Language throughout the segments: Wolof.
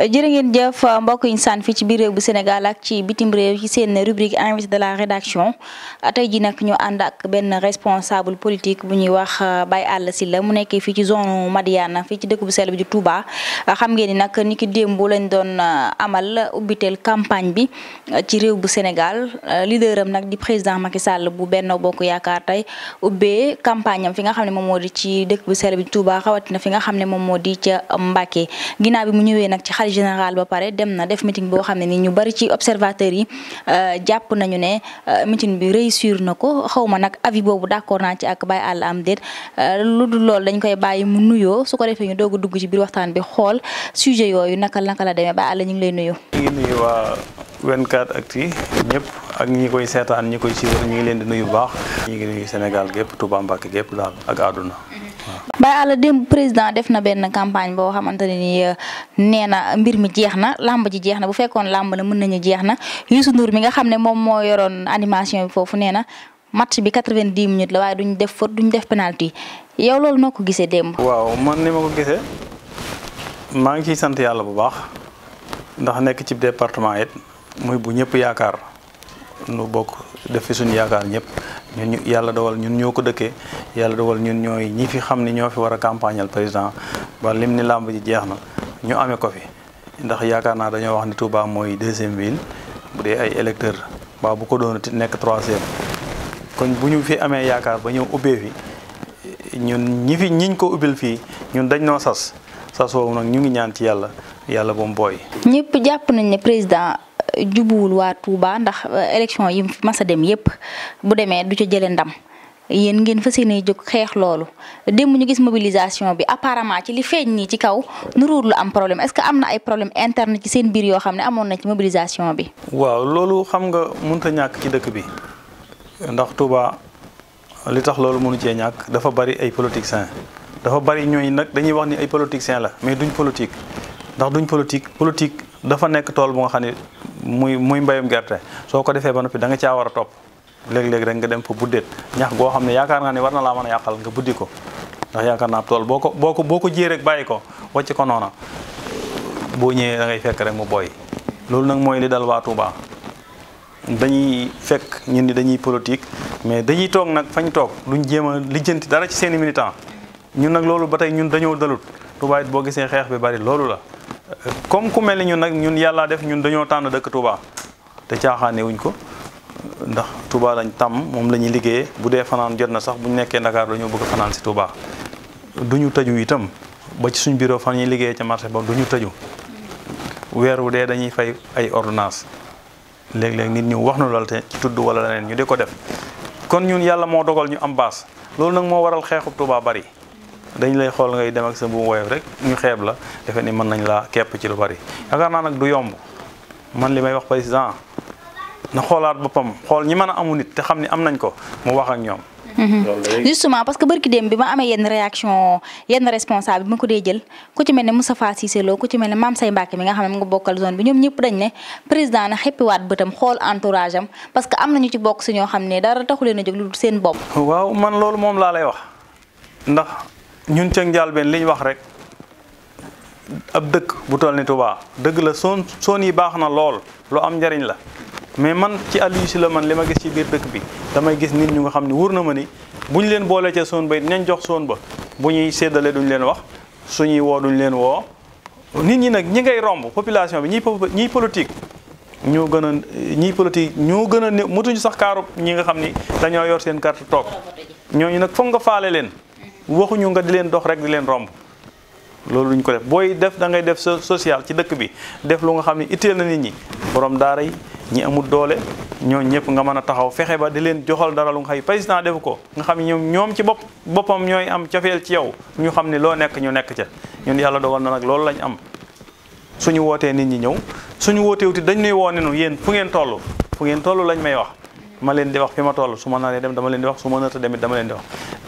jërë ngeen jëf mbokk yi ñu saan fii ci biir réew bu Sénégal ak ci bitim réew ci seen rubrique invité de la rédaction tey ji nag ñu ànd ak benn responsable politique bu ñuy wax euh, bay àll Sylla mu nekkee fii ci zone Madiana fii ci dëkk bu sell bi di Touba xam ngeen ni nag ni ki démb lañ doon euh, amal ubbiteel campagne bi euh, ci réew bu Sénégal leader nag di président Macky Sall bu Benno Bokk Yaakaar tey ubbee campagne fi nga xam ne moom moo di ci dëkk bu sell bi di rawatina fi nga xam ne moom moo di ca Mbacké ginnaaw mu ñëwee nag ci xalif général ba pare dem na def meeting boo xam ne ni ñu bari ci observateurs yi euh, jàpp nañu ne euh, meeting bi réussir na ko xaw ma nag avis boobu d'accord na ci ak bàyyi àll am déet euh, lu dul lool dañ koy bàyyi mu nuyoo su ko defee ñu doog dugg ci biir waxtaan bi xool sujet yooyu naka naka la demee bàyyi àll ñu lay nuyu. ñu ngi nuyu waa 24actu ñëpp ak ñi koy seetaan ñi koy suivre ñu ngi leen di nuyu baax. ñu ngi nuyu Sénégal gépp Touba Mbacké gépp daal ak àdduna. Baye Alla démb président def na benn campagne boo xamante ne nii euh, nee na mbir mi jeex na làmb ji jeex na bu fekkoon làmb la mën nañu jeex na Youssou Ndour mi nga xam ne moom moo yoroon animation bi foofu nee na match bi quatre-vingt-dix minutes la waaye duñ def faute duñ yow loolu noo ko gisee démb. waaw man ni ma ko ngi ciy sant yàlla bu baax ndax nekk ci département muy bu ñëpp yaakaar nu bokk def fi suñu yaakaar ñëpp ñun ñu yàlla dogal ñun ñoo ko dëkkee yàlla dogal ñun ñooy ñi fi xam ni ñoo fi war a campagnal président ba lim ni làmb ji jeex na ñu amee ko fi ndax yaakaar naa dañoo wax ni Touba mooy deuxième ville bu dee ay électeurs waaw bu ko doonati nekk troisième koñ bu ñu fi amee yaakaar ba ñëw ubbee fi ñun ñi fi ñiñ ko ubbil fii ñun dañ noo sas sas woowu nag ñu ngi ñaan ci yàlla yàlla ba mu booy. ñëpp jàpp nañ ne président euh, jubuwul waa Touba ndax euh, élection yi mas a dem yëpp bu demee du ci jëlee ndam yéen ngeen fas yéene jóg xeex loolu démb ñu gis mobilisation bi apparemment ci li feeñ nii ci kaw nuruur lu am problème est que am na ay problème interne ci seen biir yoo xam ne amoon na ci mobilisation bi. waaw loolu xam nga mun a ñàkk ci dëkk bi ndax Touba li tax loolu mënu cee ñàkk dafa bari ay politiciens dafa bari ñooy nag dañuy wax ni ay politiciens la mais duñ politique. ndax duñ politique politique dafa nekk tool bu nga xam ne muy muy mbayum gerte soo ko defee ba noppi da nga caa war a topp léeg-léeg rek nga dem fa buddeet ñax goo xam ne yaakaar naa ne war na laa mën a yàqal nga buddi ko ndax yaakaar naa tool boo ko boo ko boo ko jiyee rek bàyyi ko wàcc ko boo ñëwee da fekk rek mu booy loolu nag mooy li dal waa dañuy fekk ñun ni dañuy politique mais dañuy toog nag fañ toog duñ jéem a lijjanti dara ci seeni militant ñun nag loolu ba tey ñun dañoo dalut Touba it boo gisee xeex bi bari loolu la comme ku mel ni ñun nag ñun yàllaa def ñun dañoo tànn dëkk Touba te caaxaane wuñ ko ndax tubaa lañ tàmm moom la ñuy liggéeyee bu dee fanaan jot na sax bu ñu nekkee Dakar dañoo bëgg fanaan si Touba du ñu tëju itam ba ci suñu bureau fan yi liggéeyee ca marché ba duñu ñu weer wu dee dañuy fay ay ordinance léeg-léeg nit ñu wax na lool te ci tudd wala leneen ñu di ko def kon ñun yàlla moo dogal ñu am baas loolu nag moo waral xeexub tubaa bari dañ lay xool ngay dem ak sa mbuum woyof rek ñu xeeb la defe ni mën nañ laa képp ci lu bari yaakaar naa nag du yomb man li may wax président na xoolaat boppam xool ñi mën amu te xam ni am nañ ko mu wax ak ñoom. Mhm. justement parce que barki bi ma amee yenn réaction yenn responsable bi ko dee jël ku ci mel ne Moustapha Cissé Lo ku ci mel ne Mame Say Mbacké mi nga xam ne mu nga bokkal zone bi ñoom ñëpp dañ ne président na xëppiwaat bëtam xool entourage am parce que am nañu ci bokk si ñoo xam ne dara taxu leen a jóg lu seen bopp. waaw man loolu moom laa lay wax ndax ñun ca njëlbéen li ñu wax rek ab dëkk bu toll ni waa dëgg la son son yi baax na lool lu am njariñ la mais man ci Aliou la man li ma gis ci biir dëkk bi damay gis nit ñu nga xam ne wóor na ma ni bu ñu leen boolee ca son ba it nañ jox son ba bu ñuy séddale duñ leen wax suñuy woo duñ leen woo nit ñi nag ñi ngay romb population bi ñiy ñiy politique ñoo gën a ñiy politique ñoo gën a ne mutuñu sax kaaru ñi nga xam ni dañoo yor seen carte toog ñooñu nag foog nga faale leen waxuñu nga di leen dox rek di leen romb loolu duñ ko def booy def da ngay def social ci dëkk bi def lu nga xam ne itteel na nit ñi borom daara yi ñi amul doole ñoo ñëpp nga mën a taxaw fexe ba di leen joxal dara lu nga xam président defu ko nga xam ne ñoom ñoom ci bopp boppam ñooy am cofeel ci yow ñu xam ne loo nekk ñu nekk ca ñun yàlla dogal na nag loolu lañ am suñu wootee nit ñi ñëw suñu wootee wuti dañ nuy woo ne nu yéen fu ngeen toll fu ngeen toll lañ may wax ma leen di wax fi ma toll su ma naree dem dama leen di wax su ma narta demit dama leen di wax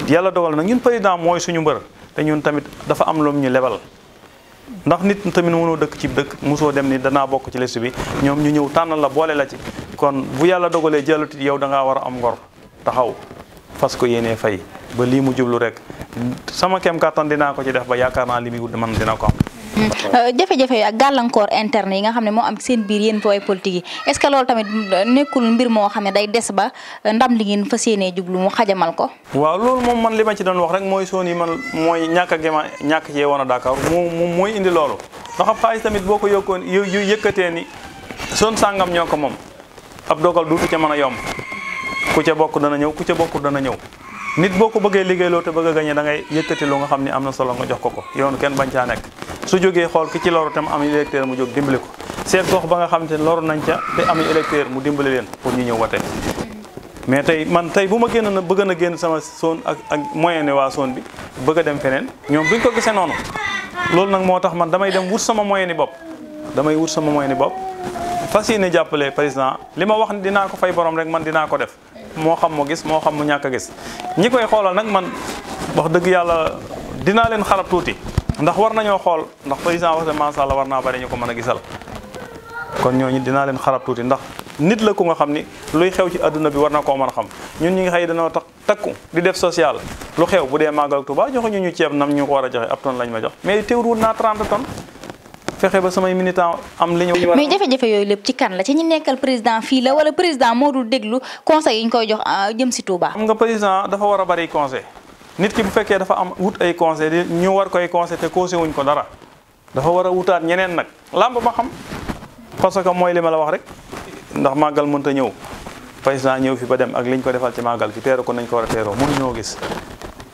yàlla dogal nag ñun président mooy suñu mbër te ñun tamit dafa am loom ñu lebal ndax nit tamit mënoo dëkk ci dëkk mosoo dem ni danaa bokk ci liste bi ñoom ñu ñëw tànnal la boole la ci kon bu yàlla dogalee jàllutit yow da ngaa war a am ngor taxaw fas ko yéenee fay ba lii mu jublu rek sama kem kàttan dinaa ko ci def ba yaakaar naa li muy wut man dina ko am Euh, jafe-jafe yi ak gàllankoor interne yi nga xam ne moom am seen biir yéen booy politique yi est-ce que loolu tamit euh, nekkul mbir moo xam ne day des ba euh, ndam li ngeen fas yéenee jublu mu xajamal ko. waaw loolu moom man li ma ci doon wax rek mooy soon yi man mooy ñàkk a gema ñàkk cee woon a Dakar moom mooy indi loolu ndax ab tamit boo ko yokkoon yu yëkkatee ni son sàngam ñoo ko moom ab dogal duutu ca mën a yomb ku ca bokk dana ñëw ku ca bokk dana ñëw. nit boo ko bëggee liggéeyloo te bëgg a gañe da ngay yëkkati lu nga xam ni am na solo nga jox ko ko yoonu kenn bañ caa nekk su jógee xool ki ci loru tam am électeur mu jóg dimbali ko seet gox ba nga xamante ne loru nañ ca te am électeur mu dimbali leen pour ñu ñëw wate mais tey man tey bu ma génn na bëgg na génn sama zone ak moyen waa zone bi bëgg a dem feneen ñoom duñ ko gisee noonu loolu nag moo tax man damay dem wut sama moyen ni bopp damay wut sama moyen ni bopp fas yéene jàppale président li ma wax ni dinaa ko fay boroom rek man dinaa ko def moo xam mu gis moo xam mu ñàkk a gis ñi koy xoolal nag man wax dëgg yàlla dinaa leen xarab tuuti ndax war nañoo xool ndax président wax de macha allah war naa bari ñu ko mën a gisal kon ñooñu dinaa leen xarab tuuti ndax nit la ko nga xam ni luy xew ci adduna bi war na koo mën a xam ñun ñi nga xëy danoo tax takku di def social lu xew bu dee màggal Tuubaa joxe ñu ñu ceeb nam ñu ko war a joxe ab tonne lañ ma jox mais teewul naa 30 tonnes fexe ba samay militant am li ñu. mais jafe lépp ci kan la ci ñi nekkal président fii la wala président moo dul déglu conseil yi ñu koy jox ah, jëm si Tuubaa. xam nga président dafa war a bari conseil nit ki bu fekkee dafa am wut ay conseil ñu war koy conseil te conseil wuñ ko dara dafa war a wutaat ñeneen nag làmb ma xam parce que mooy li ma la wax rek ndax màggal mënta ñëw président ñëw fi ba dem ak liñ ko defal ci màggal fi teeru nañ ko war a teeroo mënu ñoo gis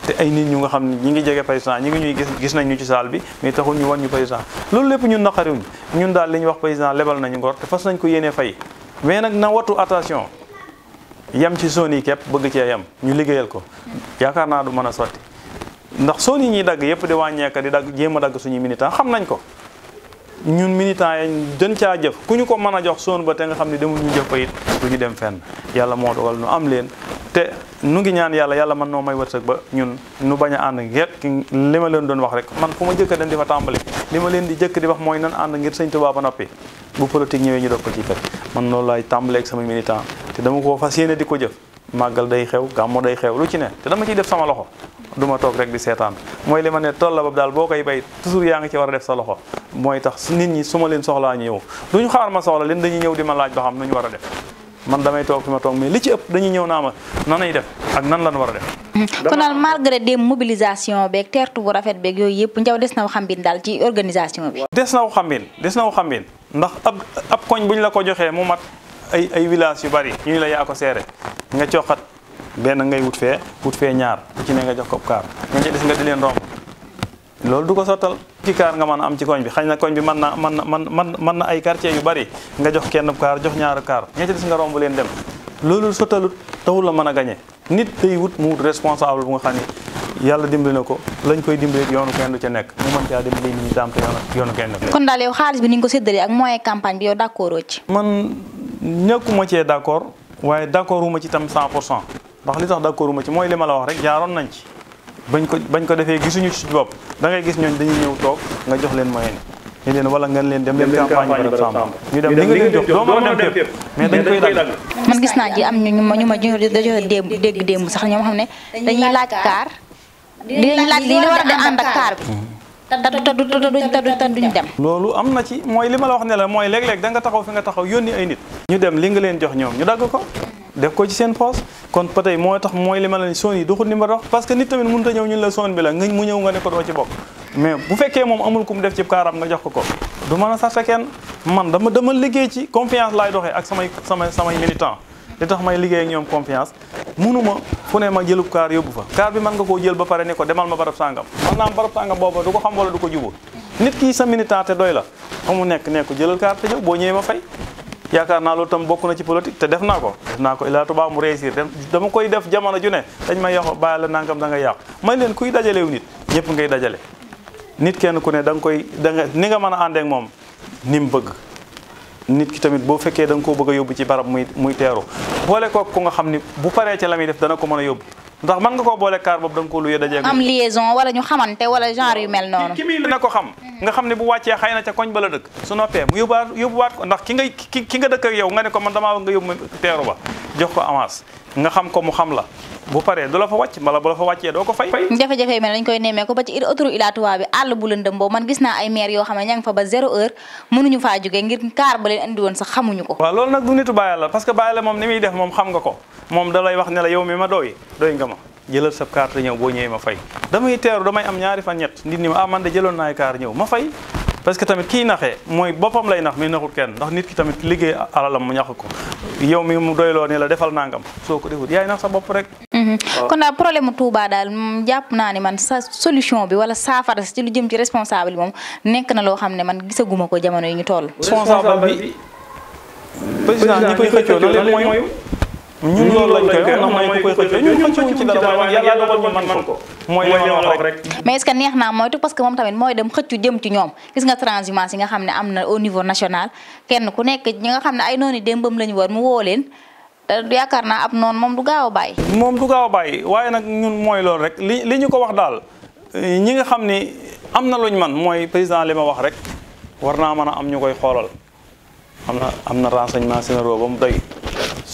te nit ñu nga xam ne ñi ngi jege président ñi ngi ñuy gis gis nañ ñu ci saal bi mais taxul ñu ñu président loolu lépp ñun naqariwuñ ñun daal li ñu wax président lebal nañu ngor te fas nañ ko yéenee fay mais nag na watu attention yem ci zone yi képp bëgg cee yem ñu liggéeyal ko yaakaar naa du mën a sotti ndax zone yi ñuy dagg yëpp di wàññeeka di dagg jéem a dagg suñu militant xam nañ ko ñun militant ya dën caa jëf ku ñu ko mën a jox zone ba te nga xam ne demul ñu jëf ko it du ñu dem fenn yàlla moo dogal nu am leen te nu ngi ñaan yàlla yàlla man noo may wërsëg ba ñun nu bañ a ànd ngir li ma leen doon wax rek man fu ma jëkk dem di fa tàmbali li ma leen di jëkk di wax mooy nan ànd ngir sëñ Tuubaa ba noppi bu ñëwee ñu doog ko ci kër man laay tàmbaleeg sama militant te dama koo fas yéene di ko jëf màggal day xew gàmmu day xew lu ci ne te dama ci def sama loxo du ma toog rek di seetaan mooy li ma ne tolla bab daal boo koy bay toujours yaa ngi ci war a def sa loxo mooy tax nit ñi su ma leen soxlaa ñëw du ñu xaar ma soxla leen dañuy ñëw di ma laaj ba xam war a def man damay toog fi ma toog mais li ci ëpp dañuy ñëw naa ma nanay def ak nan lan war a def. Mm-hmm. kon daal malgré des mobilisation bu rafet beeg yooyu yëpp njaw des na xambin daal ci organisation bi. des na des na xambin ndax ab ab koñ buñ la ko joxee mu mat ay ay village yu bari ñu la yaa seere nga coxat benn ngay wut fee wut fee ñaar ku ci ne nga jox ko kaar nga ci des nga di leen romb loolu du ko sottal ki kaar nga mën a am ci koñ bi xañ na koñ bi mën na mën na mën mën na ay quartier yu bari nga jox kenn kaar jox ñaaru kaar nga ci des nga romb leen dem loolu sottalut taxul la man a gañe nit day wut mu wut responsable bu nga xam ni yàlla dimbali na ko lañ koy dimbali yoonu kenn du ca nekk mu mën caa dimbali ca nekk. kon daal yow xaalis bi ni nga ñëkkuma cee d' accord waaye d' accord wu ma ci tam 100 pour cent ndax li tax d' accord wu ma ci mooy li ma la wax rek jaaroon nañ ci bañ ko bañ ko defee gisuñu ci bopp da ngay gis ñooñ dañuy ñëw toog nga jox leen moyen ni leen wala ngeen leen dem leen campagne par exemple ñu dem li nga jox doo a dem fépp mais dañ koy dagg man gis naa ji am ñu ma ñu ma dañoo démb dégg démb sax ñoom xam ne dañuy laaj kaar li dinañ laaj li war a dem ànd ak kaar bi te duñ dem loolu am na ci mooy li ma la wax ne la mooy léeg-léeg da nga taxaw fi nga taxaw yónni ay nit ñu dem li nga leen jox ñoom ñu dagg ko def ko ci seen poos kon peut moo tax mooy li ma la ne son yi doxul ni ma dox parce que nit tamit mënut a ñëw ñun la son bi la nga mu ñëw nga ne ko doo ci bokk mais bu fekkee moom amul ku mu def ci kaaram nga jox ko ko du mën a sarta kenn man dama dama liggéey ci confiance laay doxee ak samay samay samay militant li tax may liggéey ak ñoom confiance munuma fu ne ma jëlub kaar yóbbu fa kaar bi mën nga koo jël ba pare ne ko demal ma barab sàngam man naa am barab sàngam booba du ko xam wala du ko jubóo nit ki sa militant te doy la fa mu nekk ne ko jëlal kaar te ñëw boo ñëwee ma fay yaakaar naa loolu tam bokk na ci politique te def naa ko def naa ko ilaa Tuubaa mu réussir dama koy def jamono ju ne dañ ma yox bàyyi la nangam da nga yàqu may leen kuy dajalew nit ñëpp ngay dajale nit kenn ku ne da nga koy da ni nga mën a àndeek moom ni mu bëgg nit ki tamit boo fekkee da ko koo yóbbu ci barab muy muy teeru boole ko ku nga xam ni bu paree ci la muy def dana ko mën a yóbbu ndax mën nga koo boole kaar boobu da nga koo luyee dajee am liaison wala ñu xamante wala genre yu mel noonu ki muy na xam nga xam ne bu wàccee xay na ca koñ ba la dëkk su noppee mu yóbbuwaat yóbbuwaat ko ndax ki nga ki nga dëkk ak yow nga ne ko man damaa bëgg nga yóbbu teeru ba jox ko avance nga xam ko mu xam la bu paree du la fa wàcc mbala bu la fa wàccee doo ko fay jafe-jafe yi mel dañ koy nemmee ko ba ci autoroute Ila Touba bu lëndëm boobu man gis naa ay maire yoo xam ne ña ngi fa ba zéro heure mënuñu faa jógee ngir kaar ba leen andi woon sax xamuñu ko waaw loolu nag du nitu bàyyi la parce que bàyyi moom ni muy def moom xam nga ko moom da lay wax ne la yow mi ma dooy dooy nga ma jëlal sa carte ñëw boo ñëwee ma fay damay te damay am ñaari fan ñett nit ñi ma ah man de jëloon naay kaar ma fay parce que tamit ki naxee mooy boppam lay nax mi naxul kenn ndax nit ki tamit liggéey alalam mu ñax ko yow mi mu doyloo la defal nangam soo ko defut yaay nax sa bopp rek. Mhm. kon daal problème mu Touba daal mm, jàpp naa ne man sa solution bi wala saafara si lu jëm ci responsable moom nekk na loo xam ne man gisaguma ko jamono yi ñu toll. responsable bi président ñi koy xëccoo na leen ñun loolu lañ koy wax ñun xëccoowuñ ci man ko mooy li ñu wax mais est-ce que neex naa moytu parce que moom tamit mooy dem xëccu jëm ci ñoom gis nga transhumance si nga xam ne am na au niveau national kenn ku nekk ñi nga xam ne ay noonu démbam lañu war mu woo leen yaakaar naa ab noonu moom du gaaw a bàyyi moom du gaaw a bàyyi nag ñun mooy loolu rek li li ñu ko wax daal ñi nga xam ni am na luñ man mooy président li ma wax rek war naa mën a am ñu koy xoolal am na am na renseignement généraux ba mu doy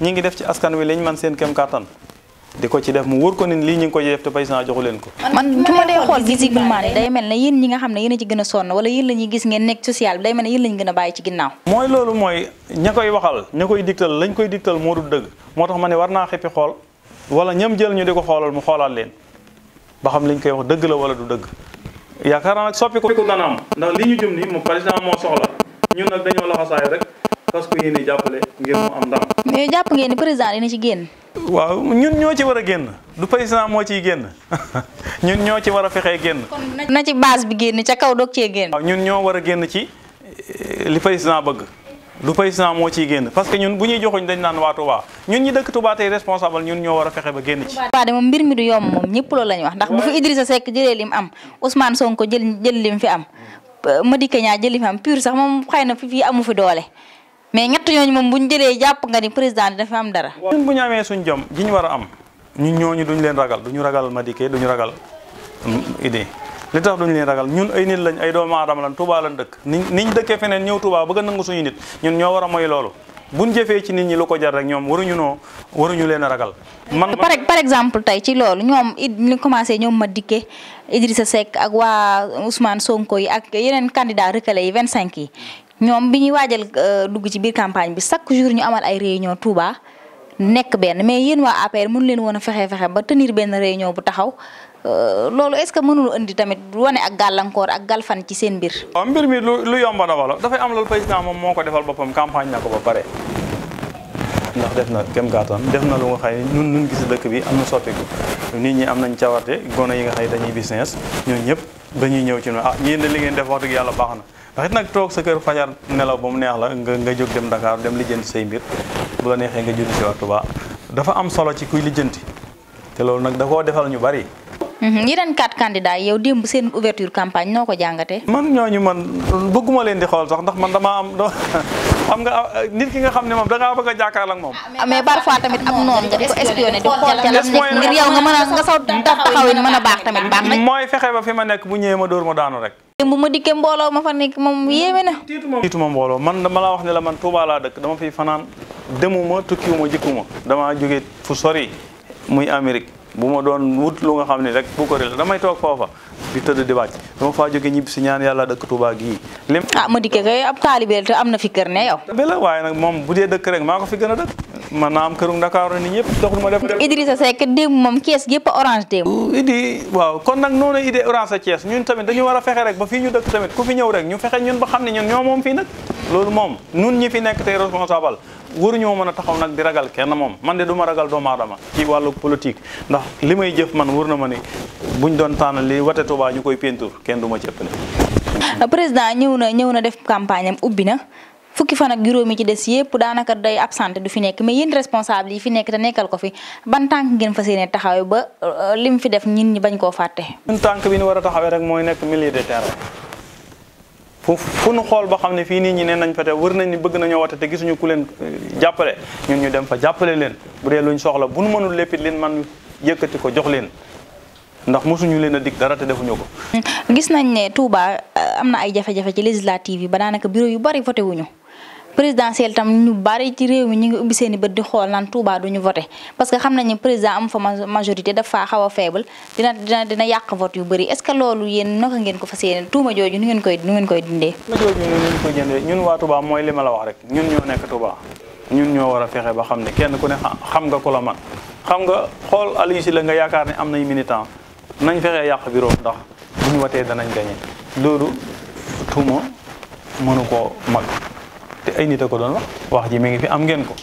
ñu ngi def ci askan wi lañ man seen kem kàttan di ko ci def mu wóor ko ni lii ñu ngi ko def te président joxu leen ko man su ma dee xool visiblement day mel ne yéen ñi nga xam ne yéen a ci gën a sonn wala gis ngeen nekk social bi day mel loolu mooy ña koy waxal ña koy digtal lañ koy digtal moo dëgg moo tax ma ne war naa xippi xool wala ñam jël ñu di ko xoolal mu xoolaat leen ba xam liñ koy wax dëgg la wala du dëgg yaakaar naa nag soppi ko dana am ndax li ñu jëm ni mu président moo soxla ñun nag dañoo laxasaay rek parce que yéen jàppale ngir mu am ndam. mais jàpp ngeen président dina ci génn. waaw ñun ñoo ci war a génn du président moo ciy génn ñun ñoo ci war a génn. na ci base bi génn ca kaw doog cee génn. waaw ñun ñoo war a génn ci eh, li président bëgg du président moo ciy génn parce que ñun bu ñuy joxuñ dañ naan waa Touba ñun ñi dëkk Touba tey responsable ñun ñoo war fexe ba génn ci. Touba de moom mbir mi du yomb moom ñëpp loolu ñu wax ndax bu fi Idrissa Seck jëlee lim am Ousmane Sonko jël jël lim fi am Madické Niang jël lim fi am pur sax moom xëy na fi amu fi doole mais ñett ñooñu moom bu ñu jëlee jàpp nga ni président dafa am dara. ñun bu ñu amee suñ jom ji ñu war a am ñun ñooñu duñ leen ragal duñu ragal Madické duñu ragal mm, idée li tax duñu leen ragal ñun ay nit lañ ay doomu aadama lañ Touba lañ dëkk ni niñ dëkkee feneen ñëw Touba bëgg a nangu suñu nit ñun ñoo war a mooy loolu buñ jëfee ci nit ñi lu ko jar rek ñoom waruñu noo waruñu leen a ragal. man par par exemple tey ci loolu ñoom it ñu commencé ñoom ma dikkee Madické Idrissa Seck ak waa Ousmane Sonko yi ak yeneen candidat recalé yi cinq yi ñoom bi ñuy waajal euh, dugg ci biir campagne bi chaque jour ñu amal ay réunion Touba nekk benn mais yéen waa APR mënu leen woon a fexe fexe ba tenir benn réunion bu taxaw euh, loolu est-ce que mënul indi tamit wane ak gàllankoor ak galfan ci seen mbir. waaw mbir mi lu lu yomb na wala dafay am loolu président moom moo ko defal boppam campagne na ko ba pare. ndax def na kem kàttan def na lu nga xay nun nun gis dëkk bi am na soppiku nit ñi am nañ cawarte gone yi nga xay dañuy business ñooñu ñëpp dañuy ñëw ci no ah ñeen li ngeen def wax dëgg yàlla baax na ndax it nag toog sa kër fajar nelaw ba mu neex la nga nga jóg dem Dakar dem lijjanti say mbir bu la neexee nga si waxtu ba dafa am solo ci kuy lijjanti te loolu nag da koo defal ñu bari yeneen mhm, quatre candidats yow démb seen ouverture campagne noo ko jàngatee. man ñooñu man bëgguma leen di xool sax ndax man damaa am xam nga nit ki nga xam ne moom da ngaa bëgg a jàkkaarloo moom. Ah, mais parfois tamit am noonu nga di ko espionné di ko xool ca ngir yow nga mën a nga saw taxawin mën a baax tamit mooy fexe ba fi ma nekk mu ñëwee ma dóor ma daanu rek. bu ma dikkee mbooloo ma fa nekk moom yéeme na. tiitu ma mbooloo man dama laa wax ne la man Touba laa dëkk dama fi fanaan demuma tukkiwuma jikkuwuma dama jóge fu sori muy Amérique bu ma doon wut lu nga xam ne rek bu ko la damay toog di tëdd di wàcc dama faa jóge ñibbi si ñaan yàlla dëkk Touba gii lim ah ma dikkee kay ab taalibe te am na fi kër ne yow waaye nag moom bu dëkk rek maa ko fi gën a dëkk man naa am Ndakaaru nit ñëpp dox du ma def Idrissa Seck démb moom Thiès gépp orange démb idi waaw kon nag noonu idée orange a Thiès ñun tamit dañu war a fexe rek ba fii ñu dëkk tamit ku fi ñëw rek ñu fexe ñun ba xam ne ñun ñoo moom fii nag loolu moom ñun waruñoo mën a taxaw nag di ragal kenn moom man de du ma ragal doomu aadama ci wàllu politique ndax li may jëf man wër na ma ni buñ doon tànn li wate ñu koy peinture kenn du ma ci ëppale président ñëw na ñëw na def campagne ubbi na fukki fan ak juróomi ci des yépp daanaka day absenté du fi nekk mais yéen responsable yi fi nekk te nekkal ko fi ban tànk ngeen fas yéene taxawee ba euh, lim fi def ñin ñi bañ koo fàtte. ñun tànk bi ñu war a taxawee rek mooy nekk milieu de terrain fu fu nu xool ba xam ne fii nit ñi ne nañ fa te wër nañ ni bëgg nañoo wate te gisuñu ku leen eh, jàppale ñun ñu dem fa jàppale leen bu dee luñ soxla bu nu mënul léppit leen man yëkkati ko jox leen ndax mosuñu leen a dig dara te defuñu ko. gis nañ ne Touba eh, am na ay jafe-jafe ci législative yi ba daanaka bureau yu bari voté wuñu présidentielle tam ñu bari ci réew mi ñu ngi ubbi seen i bët di xool naan Touba du ñu voté parce que xam nañu président am fa majorité dafa xaw a faible dina dina yàq vote yu bëri est-ce que loolu yéen naka ngeen ko fas yéene tuuma jooju nu ngeen koy nu ngeen koy dindee. tuuma jooju ñu ngeen koy jëndee ñun waa Touba mooy li ma la wax rek ñun ñoo nekk Touba ñun ñoo war a fexe ba xam ne kenn ku ne xam nga ku la man xam nga xool Aliou Sylla nga yaakaar ne am nay militant nañ fexee yàq bureau ndax bu ñu watee danañ gañe loolu tuuma mënu koo mag te ay nit a ko doon wax wax ji mi ngi fi am ngeen ko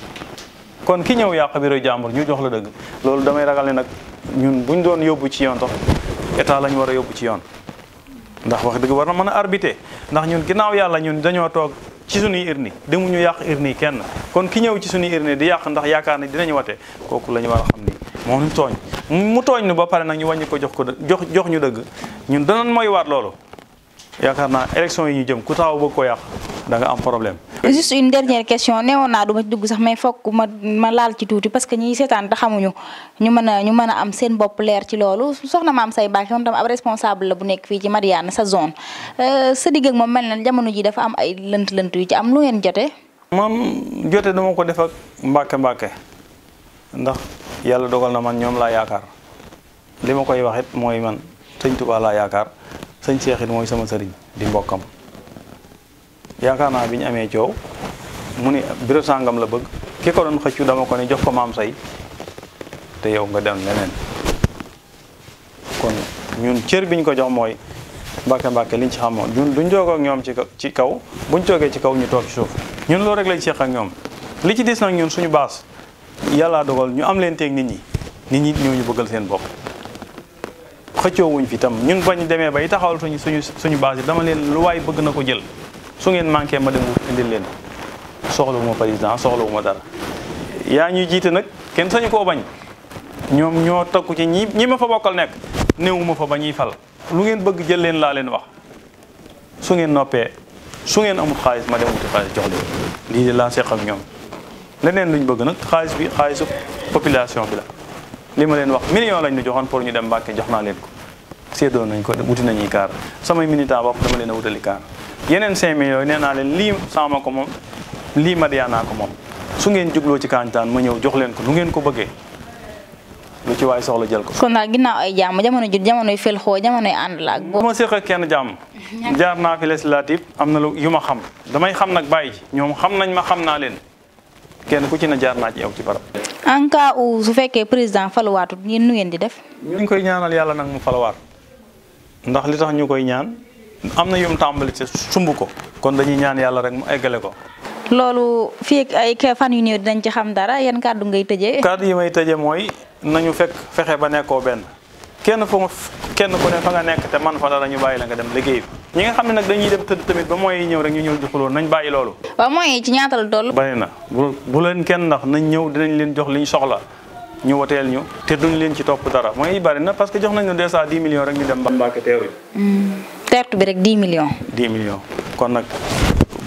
kon ki ñëw yàq biiru jàmbur ñu jox la dëgg loolu damay ragal ne nag ñun bu ñu doon yóbbu ci yoon sax état lañ war a yóbbu ci yoon ndax wax dëgg war a mën a arbitrer ndax ñun ginnaaw yàlla ñun dañoo toog ci suñuy urne demuñu yàq urne kenn kon ki ñëw ci suñuy urne di yàq ndax yaakaar ne dinañu wate kooku la ñu war a xam ni moom ñu tooñ mu tooñ nu ba pare nag ñu wàññi ko jox ko jox jox ñu dëgg ñun danañ mooy waat loolu yaakaar naa élection yi ñu jëm ku taaw bëgg ko yàq da nga am problème. juste une dernière question neewoon naa du ma dugg sax mais fokk ma ma laal ci tuuti parce que ñiy seetaan te xamuñu ñu mën a ñu mën a am seen bopp leer ci loolu soxna maam say Mbacke moom tam ab responsable la nekk fii ci Mariana sa zone euh, sa digg ak moom mel na jamono ji dafa am ay lënt-lënt yu ci am lu ngeen jotee. maam jote dama ko def ak Mbacke Mbacke ndax yàlla dogal na man ñoom laa yaakaar li ma koy wax it mooy man sëñ Tuubaa laa yaakaar sëñ Cheikh mooy sama sëriñ di mbokkam. yaakaar naa bi ñu amee coow mu ni bureau sàngam la bëgg ki ko doon xëccu dama ko ne jox ko maam say te yow nga dem leneen kon ñun cër biñ ko jox mooy mbàkke mbàkke liñ ci xamoon ñun duñ toog ñoom ci ci kaw buñ toogee ci kaw ñu toog ci ñun loolu rek lañ seex ak ñoom li ci des nag ñun suñu baas yàllaa dogal ñu am leen teeg nit ñi nit ñi ñoo ñu bëggal seen bopp xëccoowuñ fi tam ñun bañ demee ba bay taxawal suñu suñu suñu baas yi dama leen lu waay bëgg na ko jël su ngeen manqué ma dem indil leen soxlawu ma président soxlawu ma dara yaa ñuy jiite nag kenn sañu koo bañ ñoom ñoo takku ci ñii ñi ma fa bokkal nekk néewu ma fa ba ñuy fal lu ngeen bëgg jël leen laa leen wax su ngeen noppee su ngeen amul xaalis ma dem wuti xaalis jox lii de laa seq ak ñoom leneen luñ bëgg nag xaalis bi xaalisu population bi la li ma leen wax million lañ ñu joxoon pour ñu dem Mbàkke jox naa leen ko séddoo nañ ko wuti nañuy kaar samay militant bopp dama leen a wutali kaar yeneen cinq yooyu nee naa leen lii saama ko moom lii madiyaanaa ko moom su ngeen jugloo ci Kàntaan ma ñëw jox leen ko lu ngeen ko bëggee lu ci waay soxla jël ko. kon daal naa ay jàmm jamono jii jamonoy fël xoo jamonoy ànd la ak. kenn jàmm. jaar naa fi législative am na yu ma xam damay xam nag bàyyi ñoom xam nañ ma xam naa leen kenn ku ci na jaar naa ci yow ci barab. en cas su fekkee président falowaatu ngeen nu ngeen di def. ñu ngi koy ñaanal yàlla nag mu faluwaat ndax li tax ñu koy ñaan. am na yum tàmbali ci sumb ko kon dañuy ñaan yàlla rek mu eggale ko. loolu fii ak ay fan yu néew dinañ ci xam dara yan kàddu ngay tëjee. kàddu yi may tëjee mooy nañu fekk fexe ba nekkoo benn kenn fu kenn ku ne fa nga nekk te man fa dara ñu bàyyi la nga dem liggéey ñi nga xam ne nag dañuy dem tëdd tamit ba mooy ñëw rek ñu ñëw di xuloo nañ bàyyi loolu. waaw mooy ci ñaata la toll. bari na bu bu leen kenn ndax nañ ñëw dinañ leen jox liñ soxla. ñu woteel ñu te duñ leen ci topp dara mooy bari na parce que jox nañu ne déjà 10 millions ñu dem. Mbàkke tertu bi rek 10 millions. 10 million kon nag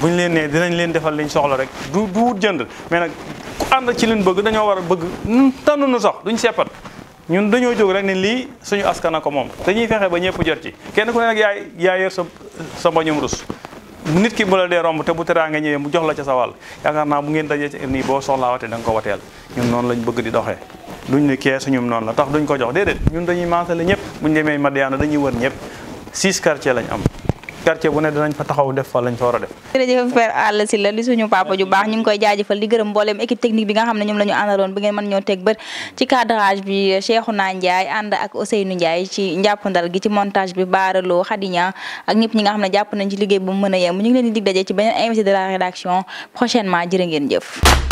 bu ñu leen nee dinañ leen defal liñ soxla rek du du jënd mais nag ku ànd ci liñ bëgg dañoo war a bëgg ñun tànnuñu sax duñ seppat ñun dañoo jóg rek ne lii suñu askan a ko moom dañuy fexe ba ñëpp jot ci kenn ku ne nag yaay yaa yor sa sa mbañum rus. nit ki bu la dee romb te mu jox la ca sa wàll bu ngeen dajee ci nii boo soxlaa watee da nga ko wateel ñun noonu lañ bëgg di doxee duñ ne kee suñum noonu la tax duñ ko jox déedéet ñun dañuy maasale ñëpp buñ demee Madiana dañuy wër ñëpp six quartiers lañ am quartier bu ne danañ fa taxaw def fa lañ fa war a def. jërëjëf Père Alla Sylla li suñu papa ju baax ñu ngi koy jaajëfal di gërëm mbooleem équipe technique bi nga xam ne ñoom la ñu àndaloon bi ngeen mën ñoo teg bër ci cadrage bi Cheikhouna Ndiaye ànd ak Ousseynou Ndiaye ci njàppandal gi ci montage bi baaraloo Khadija ak ñëpp ñi nga xam ne jàpp nañ ci liggéey bu mu mën a yem ñu ngi leen di dig daje ci beneen invité de la rédaction prochainement jërë ngeen jëf.